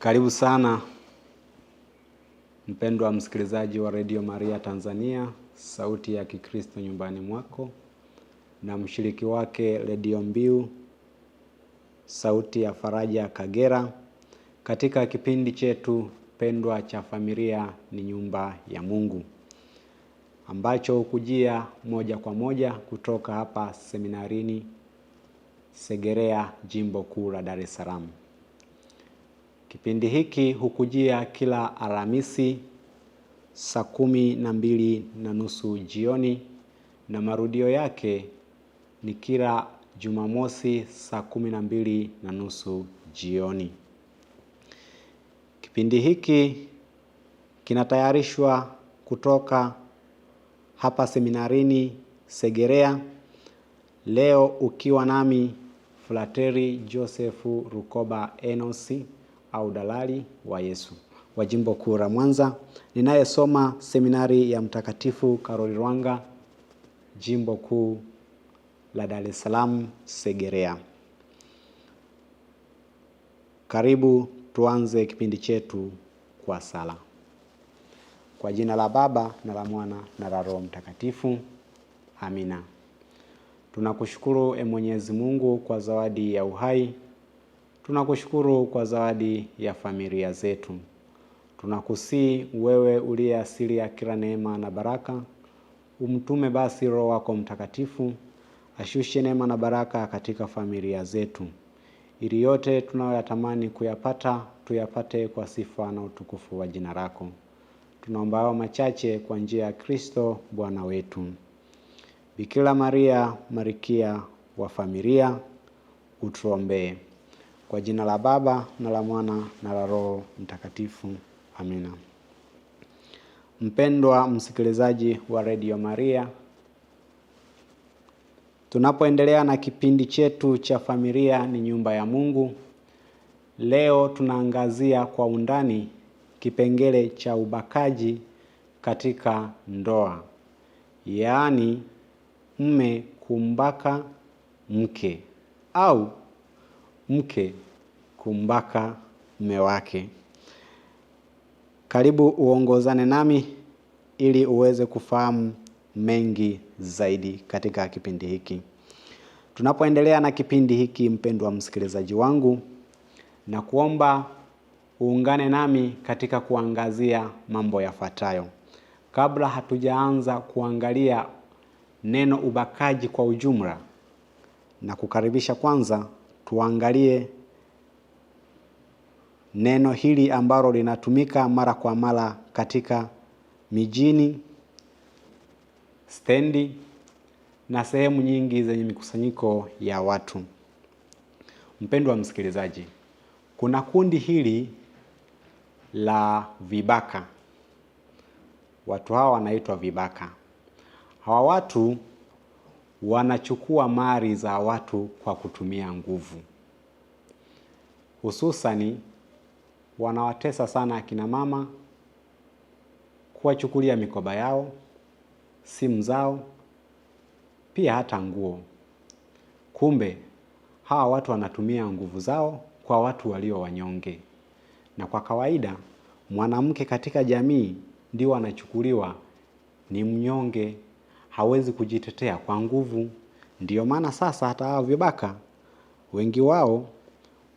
Karibu sana mpendwa msikilizaji wa redio Maria Tanzania, sauti ya Kikristo nyumbani mwako, na mshiriki wake redio Mbiu, sauti ya faraja Kagera, katika kipindi chetu pendwa cha familia ni nyumba ya Mungu ambacho hukujia moja kwa moja kutoka hapa seminarini Segerea, jimbo kuu la Dar es Salaam. Kipindi hiki hukujia kila Alhamisi saa kumi na mbili na nusu jioni na marudio yake ni kila Jumamosi saa kumi na mbili na nusu jioni. Kipindi hiki kinatayarishwa kutoka hapa seminarini Segerea, leo ukiwa nami Frateri Joseph Rukoba Enosi au dalali wa Yesu wa Jimbo Kuu la Mwanza, ninayesoma seminari ya Mtakatifu Karoli rwanga Jimbo Kuu la Dar es Salaam Segerea. Karibu tuanze kipindi chetu kwa sala. Kwa jina la Baba na la Mwana na la Roho Mtakatifu, amina. Tunakushukuru e Mwenyezi Mungu kwa zawadi ya uhai Tunakushukuru kwa zawadi ya familia zetu. Tunakusii wewe uliye asili ya kila neema na baraka, umtume basi Roho wako Mtakatifu ashushe neema na baraka katika familia zetu, ili yote tunayoyatamani kuyapata tuyapate kwa sifa na utukufu wa jina lako. Tunaomba hayo machache kwa njia ya Kristo Bwana wetu. Bikira Maria, Malkia wa familia, utuombee. Kwa jina la Baba na la Mwana na la Roho Mtakatifu, amina. Mpendwa msikilizaji wa redio Maria, tunapoendelea na kipindi chetu cha familia ni nyumba ya Mungu, leo tunaangazia kwa undani kipengele cha ubakaji katika ndoa, yaani mme kumbaka mke au mke kumbaka mme wake. Karibu uongozane nami ili uweze kufahamu mengi zaidi katika kipindi hiki. Tunapoendelea na kipindi hiki, mpendwa msikilizaji wangu, na kuomba uungane nami katika kuangazia mambo yafuatayo. Kabla hatujaanza kuangalia neno ubakaji kwa ujumla, na kukaribisha kwanza tuangalie neno hili ambalo linatumika mara kwa mara katika mijini, stendi na sehemu nyingi zenye mikusanyiko ya watu. Mpendwa msikilizaji, kuna kundi hili la vibaka. Watu hawa wanaitwa vibaka. Hawa watu wanachukua mali za watu kwa kutumia nguvu, hususani wanawatesa sana akina mama, kuwachukulia mikoba yao, simu zao, pia hata nguo. Kumbe hawa watu wanatumia nguvu zao kwa watu walio wanyonge, na kwa kawaida mwanamke katika jamii ndio anachukuliwa ni mnyonge hawezi kujitetea kwa nguvu. Ndiyo maana sasa hata hao vibaka wengi wao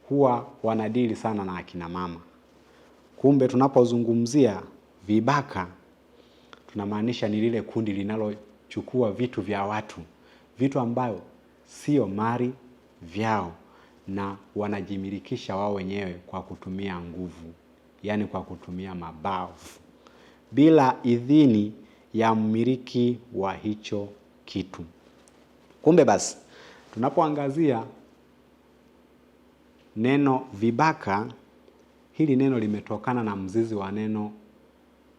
huwa wanadili sana na akina mama. Kumbe tunapozungumzia vibaka tunamaanisha ni lile kundi linalochukua vitu vya watu, vitu ambayo sio mali vyao, na wanajimilikisha wao wenyewe kwa kutumia nguvu, yaani kwa kutumia mabavu bila idhini ya mmiliki wa hicho kitu. Kumbe basi tunapoangazia neno vibaka, hili neno limetokana na mzizi wa neno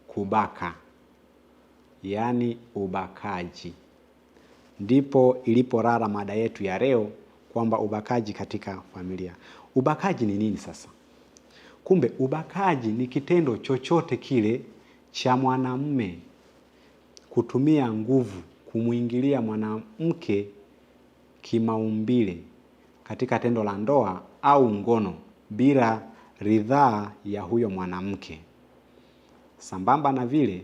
kubaka, yaani ubakaji. Ndipo iliporara mada yetu ya leo kwamba ubakaji katika familia. Ubakaji ni nini sasa? Kumbe ubakaji ni kitendo chochote kile cha mwanamume kutumia nguvu kumwingilia mwanamke kimaumbile katika tendo la ndoa au ngono bila ridhaa ya huyo mwanamke. Sambamba na vile,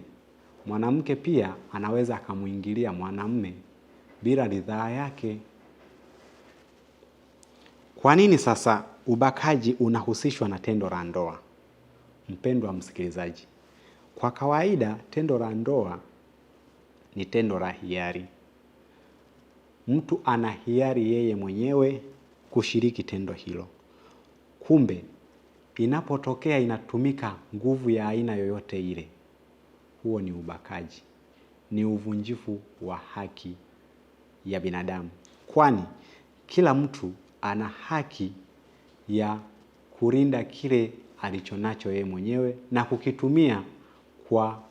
mwanamke pia anaweza akamwingilia mwanamme bila ridhaa yake. Kwa nini sasa ubakaji unahusishwa na tendo la ndoa? Mpendwa msikilizaji, kwa kawaida tendo la ndoa ni tendo la hiari. Mtu ana hiari yeye mwenyewe kushiriki tendo hilo. Kumbe inapotokea inatumika nguvu ya aina yoyote ile, huo ni ubakaji, ni uvunjifu wa haki ya binadamu, kwani kila mtu ana haki ya kulinda kile alichonacho yeye mwenyewe na kukitumia kwa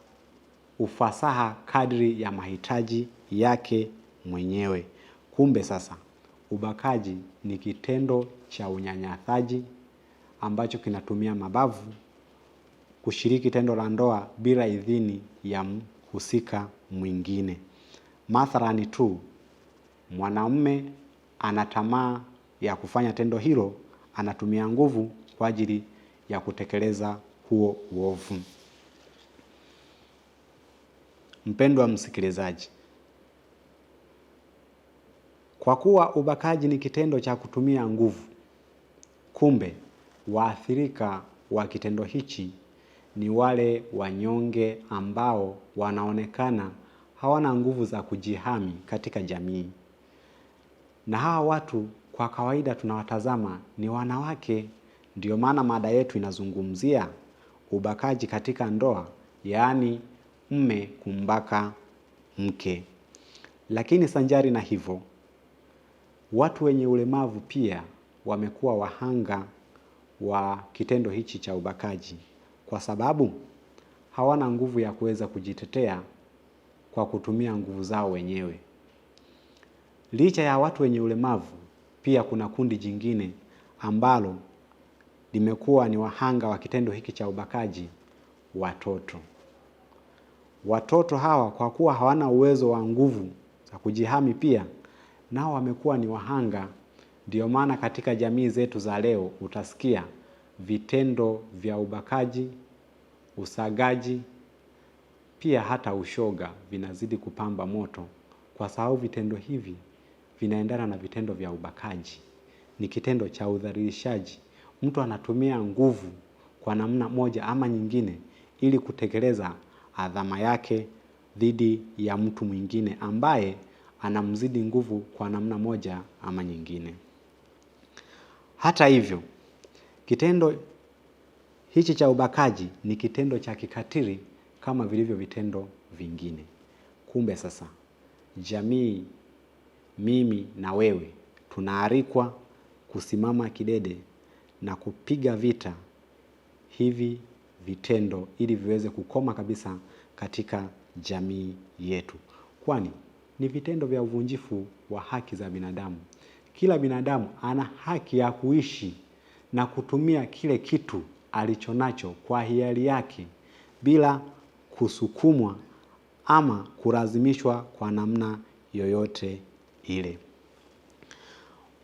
ufasaha kadri ya mahitaji yake mwenyewe. Kumbe sasa ubakaji ni kitendo cha unyanyasaji ambacho kinatumia mabavu kushiriki tendo la ndoa bila idhini ya mhusika mwingine. Mathalani tu mwanamume ana tamaa ya kufanya tendo hilo, anatumia nguvu kwa ajili ya kutekeleza huo uovu. Mpendwa msikilizaji, kwa kuwa ubakaji ni kitendo cha kutumia nguvu, kumbe waathirika wa kitendo hichi ni wale wanyonge ambao wanaonekana hawana nguvu za kujihami katika jamii. Na hawa watu kwa kawaida tunawatazama ni wanawake. Ndiyo maana mada yetu inazungumzia ubakaji katika ndoa, yaani mme kumbaka mke. Lakini sanjari na hivyo, watu wenye ulemavu pia wamekuwa wahanga wa kitendo hichi cha ubakaji kwa sababu hawana nguvu ya kuweza kujitetea kwa kutumia nguvu zao wenyewe. Licha ya watu wenye ulemavu, pia kuna kundi jingine ambalo limekuwa ni wahanga wa kitendo hiki cha ubakaji, watoto watoto hawa kwa kuwa hawana uwezo wa nguvu za kujihami, pia nao wamekuwa ni wahanga. Ndiyo maana katika jamii zetu za leo utasikia vitendo vya ubakaji, usagaji, pia hata ushoga vinazidi kupamba moto, kwa sababu vitendo hivi vinaendana na vitendo vya ubakaji. Ni kitendo cha udhalilishaji, mtu anatumia nguvu kwa namna moja ama nyingine ili kutekeleza adhama yake dhidi ya mtu mwingine ambaye anamzidi nguvu kwa namna moja ama nyingine. Hata hivyo, kitendo hichi cha ubakaji ni kitendo cha kikatili kama vilivyo vitendo vingine. Kumbe sasa, jamii, mimi na wewe tunaalikwa kusimama kidede na kupiga vita hivi vitendo ili viweze kukoma kabisa katika jamii yetu, kwani ni vitendo vya uvunjifu wa haki za binadamu. Kila binadamu ana haki ya kuishi na kutumia kile kitu alichonacho kwa hiari yake bila kusukumwa ama kulazimishwa kwa namna yoyote ile.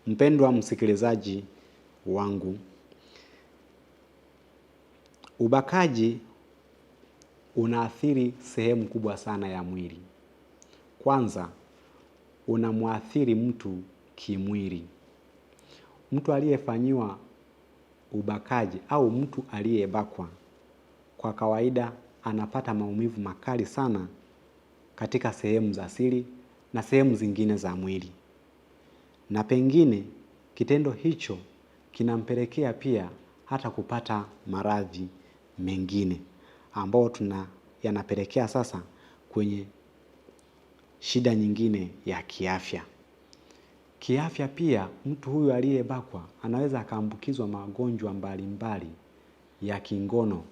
Mpendwa msikilizaji wangu Ubakaji unaathiri sehemu kubwa sana ya mwili. Kwanza unamwathiri mtu kimwili. Mtu aliyefanyiwa ubakaji au mtu aliyebakwa kwa kawaida anapata maumivu makali sana katika sehemu za siri na sehemu zingine za mwili, na pengine kitendo hicho kinampelekea pia hata kupata maradhi mengine ambayo tuna yanapelekea sasa kwenye shida nyingine ya kiafya. Kiafya pia mtu huyu aliyebakwa anaweza akaambukizwa magonjwa mbalimbali ya kingono,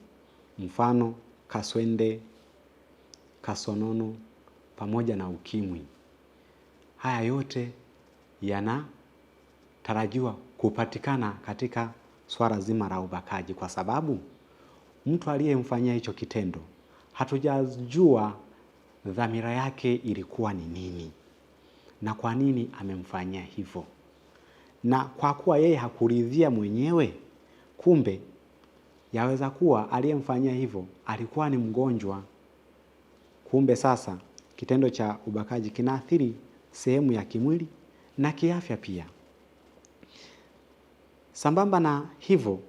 mfano kaswende, kasonono pamoja na ukimwi. Haya yote yanatarajiwa kupatikana katika swala zima la ubakaji kwa sababu mtu aliyemfanyia hicho kitendo, hatujajua dhamira yake ilikuwa ni nini na kwa nini amemfanyia hivyo, na kwa kuwa yeye hakuridhia mwenyewe, kumbe yaweza kuwa aliyemfanyia hivyo alikuwa ni mgonjwa. Kumbe sasa kitendo cha ubakaji kinaathiri sehemu ya kimwili na kiafya pia. Sambamba na hivyo,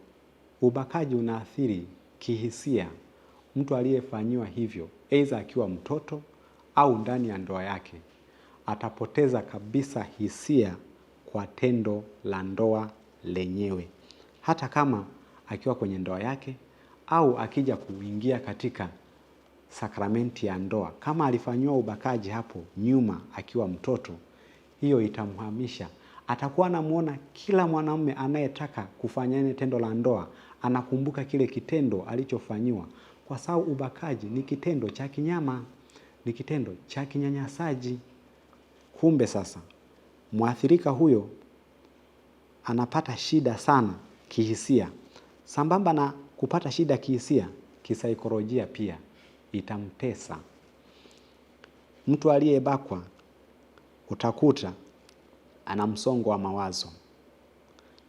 ubakaji unaathiri kihisia mtu aliyefanyiwa hivyo, aidha akiwa mtoto au ndani ya ndoa yake, atapoteza kabisa hisia kwa tendo la ndoa lenyewe, hata kama akiwa kwenye ndoa yake au akija kuingia katika sakramenti ya ndoa. Kama alifanyiwa ubakaji hapo nyuma akiwa mtoto, hiyo itamhamisha atakuwa anamwona kila mwanamume anayetaka kufanya tendo la ndoa anakumbuka kile kitendo alichofanyiwa, kwa sababu ubakaji ni kitendo cha kinyama, ni kitendo cha kinyanyasaji. Kumbe sasa mwathirika huyo anapata shida sana kihisia, sambamba na kupata shida kihisia, kisaikolojia pia itamtesa mtu aliyebakwa. Utakuta ana msongo wa mawazo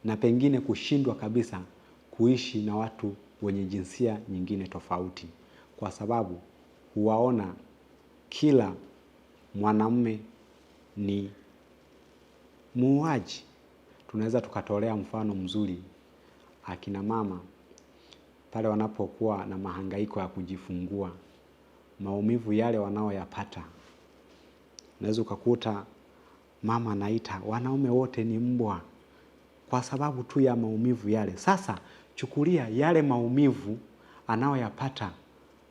na pengine kushindwa kabisa kuishi na watu wenye jinsia nyingine tofauti, kwa sababu huwaona kila mwanamume ni muuaji. Tunaweza tukatolea mfano mzuri akina mama pale wanapokuwa na mahangaiko ya kujifungua, maumivu yale wanaoyapata, unaweza ukakuta mama anaita wanaume wote ni mbwa, kwa sababu tu ya maumivu yale. Sasa chukulia yale maumivu anayoyapata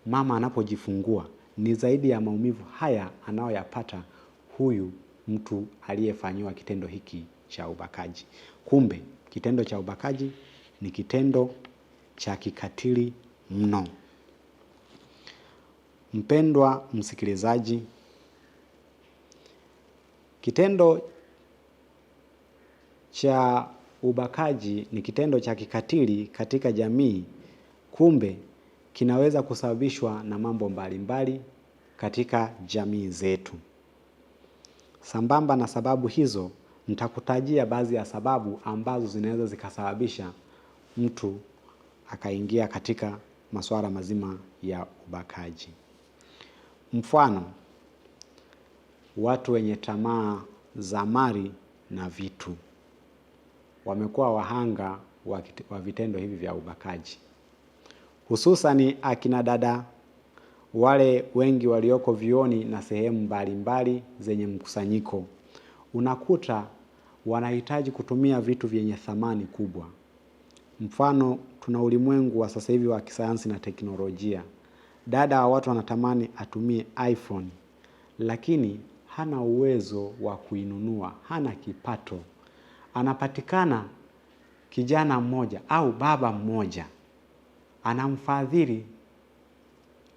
mama anapojifungua ni zaidi ya maumivu haya anayoyapata huyu mtu aliyefanyiwa kitendo hiki cha ubakaji. Kumbe kitendo cha ubakaji ni kitendo cha kikatili mno. Mpendwa msikilizaji Kitendo cha ubakaji ni kitendo cha kikatili katika jamii, kumbe kinaweza kusababishwa na mambo mbalimbali mbali katika jamii zetu. Sambamba na sababu hizo, nitakutajia baadhi ya sababu ambazo zinaweza zikasababisha mtu akaingia katika masuala mazima ya ubakaji. Mfano, watu wenye tamaa za mali na vitu wamekuwa wahanga wa vitendo hivi vya ubakaji, hususani akina dada wale wengi walioko vioni na sehemu mbalimbali zenye mkusanyiko, unakuta wanahitaji kutumia vitu vyenye thamani kubwa. Mfano, tuna ulimwengu wa sasa hivi wa kisayansi na teknolojia. Dada wa watu wanatamani atumie iPhone, lakini hana uwezo wa kuinunua, hana kipato. Anapatikana kijana mmoja au baba mmoja anamfadhili.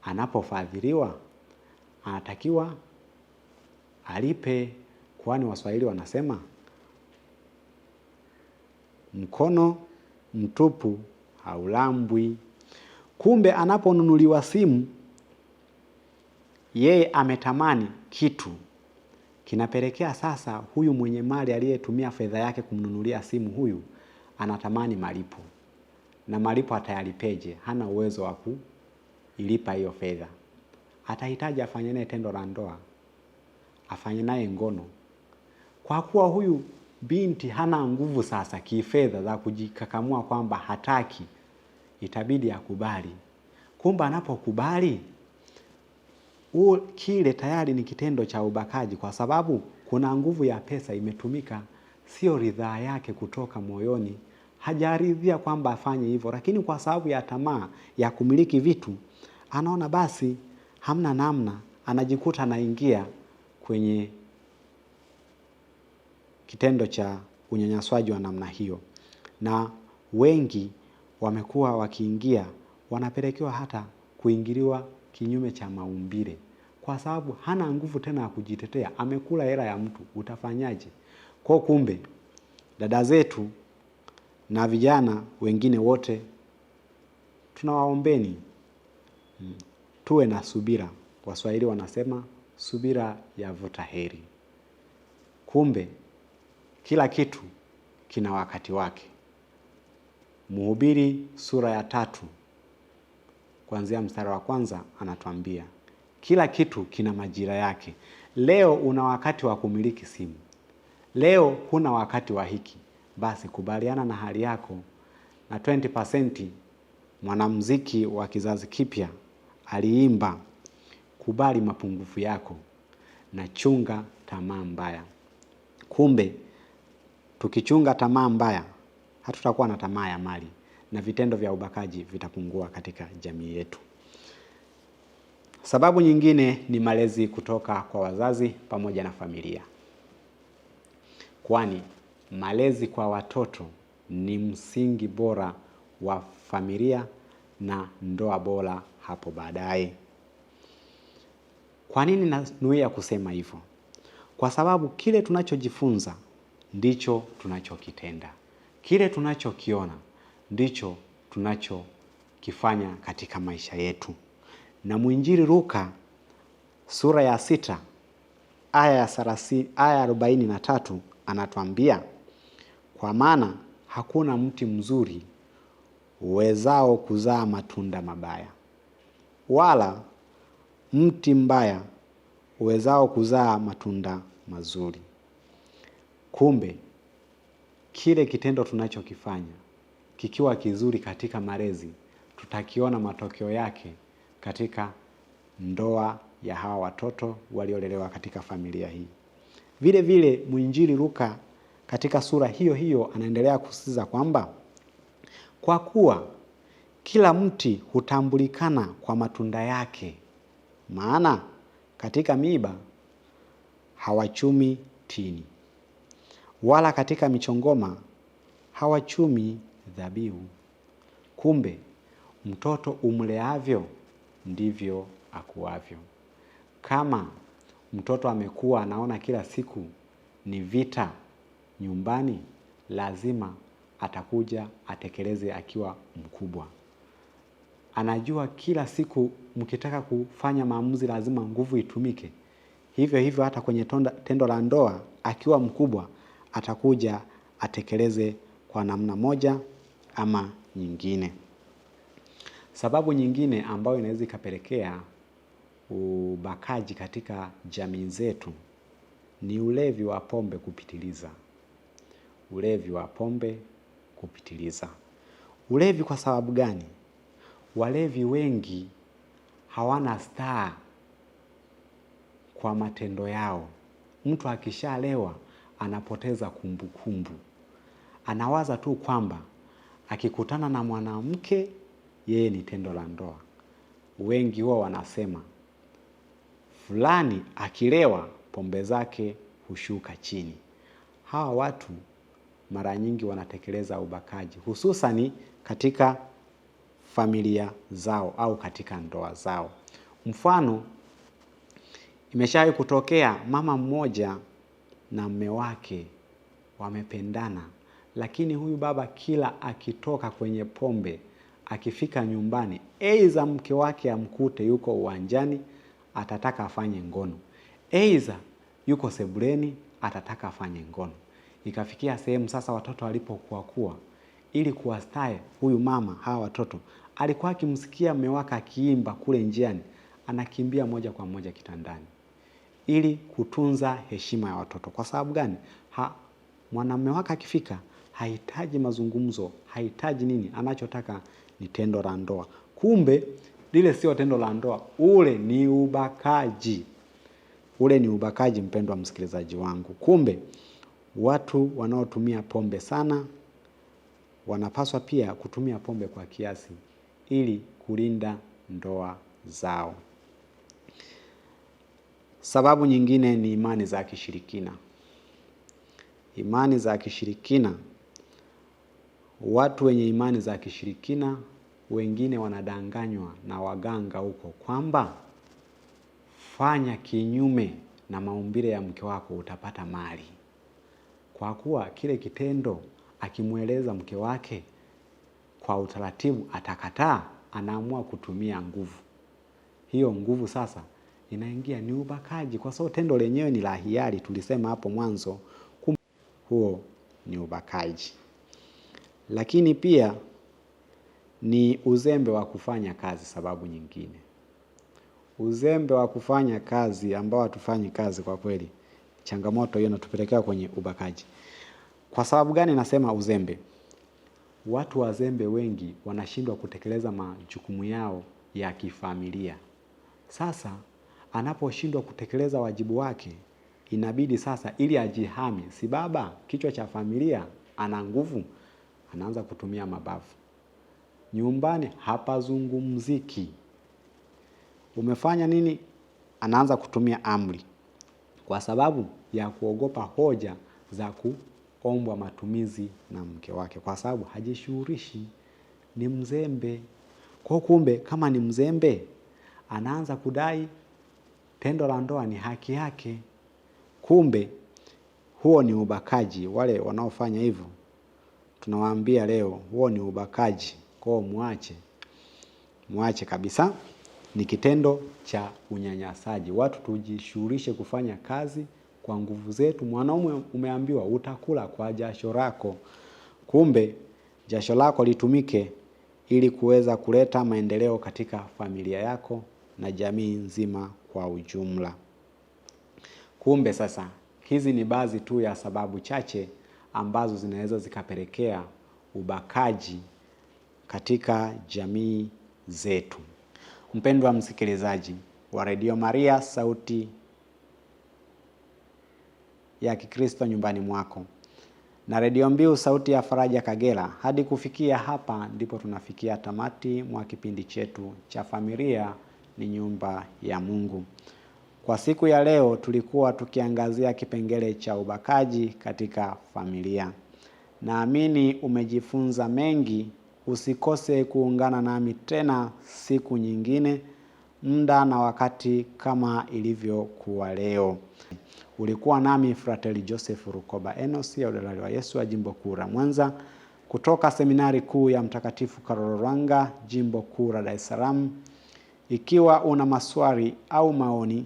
Anapofadhiliwa anatakiwa alipe, kwani Waswahili wanasema mkono mtupu haulambwi. Kumbe anaponunuliwa simu, yeye ametamani kitu kinapelekea sasa huyu mwenye mali aliyetumia fedha yake kumnunulia simu huyu anatamani malipo, na malipo atayalipeje? Hana uwezo wa kuilipa hiyo fedha. Atahitaji afanye naye tendo la ndoa, afanye naye ngono, kwa kuwa huyu binti hana nguvu sasa kifedha za kujikakamua kwamba hataki, itabidi akubali. Kumbe anapokubali huo, kile tayari ni kitendo cha ubakaji, kwa sababu kuna nguvu ya pesa imetumika, sio ridhaa yake kutoka moyoni. Hajaridhia kwamba afanye hivyo, lakini kwa sababu ya tamaa ya kumiliki vitu anaona basi hamna namna, anajikuta anaingia kwenye kitendo cha unyanyaswaji wa namna hiyo, na wengi wamekuwa wakiingia, wanapelekewa hata kuingiliwa kinyume cha maumbile kwa sababu hana nguvu tena ya kujitetea, amekula hela ya mtu, utafanyaje? Kwa kumbe dada zetu na vijana wengine wote tunawaombeni mm, tuwe na subira. Waswahili wanasema subira yavuta heri. Kumbe kila kitu kina wakati wake. Mhubiri sura ya tatu kuanzia mstari wa kwanza anatuambia kila kitu kina majira yake. Leo una wakati wa kumiliki simu, leo huna wakati wa hiki. Basi kubaliana na hali yako, na 20% mwanamuziki wa kizazi kipya aliimba, kubali mapungufu yako na chunga tamaa mbaya. Kumbe tukichunga tamaa mbaya, hatutakuwa na tamaa ya mali na vitendo vya ubakaji vitapungua katika jamii yetu. Sababu nyingine ni malezi kutoka kwa wazazi pamoja na familia, kwani malezi kwa watoto ni msingi bora wa familia na ndoa bora hapo baadaye. Kwa nini nanuia kusema hivyo? Kwa sababu kile tunachojifunza ndicho tunachokitenda, kile tunachokiona ndicho tunachokifanya katika maisha yetu na mwinjiri Luka sura ya sita aya ya 30 aya tatu anatuambia, kwa maana hakuna mti mzuri uwezao kuzaa matunda mabaya, wala mti mbaya uwezao kuzaa matunda mazuri. Kumbe kile kitendo tunachokifanya kikiwa kizuri katika malezi, tutakiona matokeo yake katika ndoa ya hawa watoto waliolelewa katika familia hii. Vile vile mwinjili Luka katika sura hiyo hiyo anaendelea kusisitiza kwamba kwa kuwa kila mti hutambulikana kwa matunda yake, maana katika miiba hawachumi tini, wala katika michongoma hawachumi dhabihu. Kumbe mtoto umleavyo ndivyo akuavyo. Kama mtoto amekuwa anaona kila siku ni vita nyumbani, lazima atakuja atekeleze akiwa mkubwa. Anajua kila siku mkitaka kufanya maamuzi lazima nguvu itumike. Hivyo hivyo hata kwenye tonda, tendo la ndoa akiwa mkubwa atakuja atekeleze kwa namna moja ama nyingine. Sababu nyingine ambayo inaweza ikapelekea ubakaji katika jamii zetu ni ulevi wa pombe kupitiliza. Ulevi wa pombe kupitiliza. Ulevi kwa sababu gani? Walevi wengi hawana staa kwa matendo yao. Mtu akishalewa anapoteza kumbukumbu kumbu. Anawaza tu kwamba akikutana na mwanamke yeye ni tendo la ndoa. Wengi huwa wanasema fulani akilewa pombe zake hushuka chini. Hawa watu mara nyingi wanatekeleza ubakaji, hususani katika familia zao au katika ndoa zao. Mfano, imeshawahi kutokea mama mmoja na mme wake wamependana, lakini huyu baba kila akitoka kwenye pombe akifika nyumbani, aidha mke wake amkute yuko uwanjani, atataka afanye ngono, aidha yuko sebuleni, atataka afanye ngono. Ikafikia sehemu sasa, watoto walipokuwa kuwa, ili kuwastaye huyu mama hawa watoto, alikuwa akimsikia mume wake akiimba kule njiani, anakimbia moja kwa moja kitandani ili kutunza heshima ya watoto. Kwa sababu gani? Ha, mwanamume wake akifika hahitaji mazungumzo, hahitaji nini, anachotaka ni tendo la ndoa. Kumbe lile sio tendo la ndoa, ule ni ubakaji, ule ni ubakaji, mpendwa msikilizaji wangu. Kumbe watu wanaotumia pombe sana wanapaswa pia kutumia pombe kwa kiasi ili kulinda ndoa zao. Sababu nyingine ni imani za kishirikina. Imani za kishirikina Watu wenye imani za kishirikina wengine wanadanganywa na waganga huko kwamba fanya kinyume na maumbile ya mke wako utapata mali, kwa kuwa kile kitendo akimweleza mke wake kwa utaratibu atakataa, anaamua kutumia nguvu. Hiyo nguvu sasa inaingia ni ubakaji, kwa sababu tendo lenyewe ni la hiari, tulisema hapo mwanzo. Huo ni ubakaji lakini pia ni uzembe wa kufanya kazi. Sababu nyingine, uzembe wa kufanya kazi ambao hatufanyi kazi kwa kweli, changamoto hiyo inatupelekea kwenye ubakaji. Kwa sababu gani nasema uzembe? Watu wazembe wengi wanashindwa kutekeleza majukumu yao ya kifamilia. Sasa anaposhindwa kutekeleza wajibu wake, inabidi sasa, ili ajihami, si baba kichwa cha familia, ana nguvu anaanza kutumia mabavu. Nyumbani hapazungumziki. Umefanya nini? Anaanza kutumia amri kwa sababu ya kuogopa hoja za kuombwa matumizi na mke wake, kwa sababu hajishughulishi, ni mzembe. Kwa kumbe, kama ni mzembe, anaanza kudai tendo la ndoa ni haki yake. Kumbe huo ni ubakaji, wale wanaofanya hivyo tunawaambia leo huo ni ubakaji, kwao muache, muache kabisa. Ni kitendo cha unyanyasaji. Watu tujishughulishe kufanya kazi kwa nguvu zetu. Mwanaume umeambiwa utakula kwa jasho lako, kumbe jasho lako litumike ili kuweza kuleta maendeleo katika familia yako na jamii nzima kwa ujumla. Kumbe sasa hizi ni baadhi tu ya sababu chache ambazo zinaweza zikapelekea ubakaji katika jamii zetu. Mpendwa msikilizaji wa Radio Maria, sauti ya Kikristo nyumbani mwako na redio mbiu sauti ya faraja Kagera. Hadi kufikia hapa ndipo tunafikia tamati mwa kipindi chetu cha familia ni nyumba ya Mungu. Kwa siku ya leo tulikuwa tukiangazia kipengele cha ubakaji katika familia. Naamini umejifunza mengi. Usikose kuungana nami tena siku nyingine, muda na wakati kama ilivyokuwa leo. Ulikuwa nami Frateli Joseph Rukoba Enosi, ya Udalali wa Yesu wa Jimbo Kuu la Mwanza, kutoka Seminari Kuu ya Mtakatifu Rwanga, Jimbo Kuu la Dar es Salaam. Ikiwa una maswali au maoni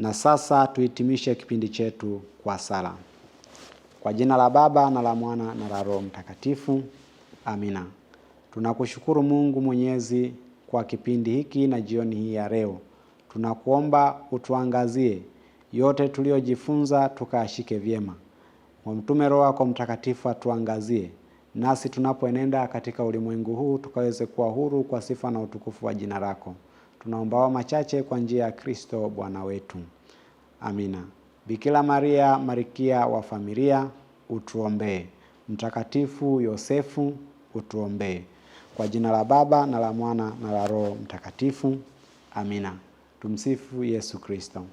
Na sasa tuhitimishe kipindi chetu kwa sala. Kwa jina la Baba na la Mwana na la Roho Mtakatifu, amina. Tunakushukuru Mungu Mwenyezi kwa kipindi hiki na jioni hii ya leo. Tunakuomba utuangazie yote tuliyojifunza, tukayashike vyema. Kwa Mtume Roho wako Mtakatifu atuangazie nasi tunapoenenda katika ulimwengu huu, tukaweze kuwa huru kwa sifa na utukufu wa jina lako. Tunaomba machache kwa njia ya Kristo Bwana wetu. Amina. Bikira Maria, Marikia wa familia, utuombee. Mtakatifu Yosefu, utuombee. Kwa jina la Baba na la Mwana na la Roho Mtakatifu. Amina. Tumsifu Yesu Kristo.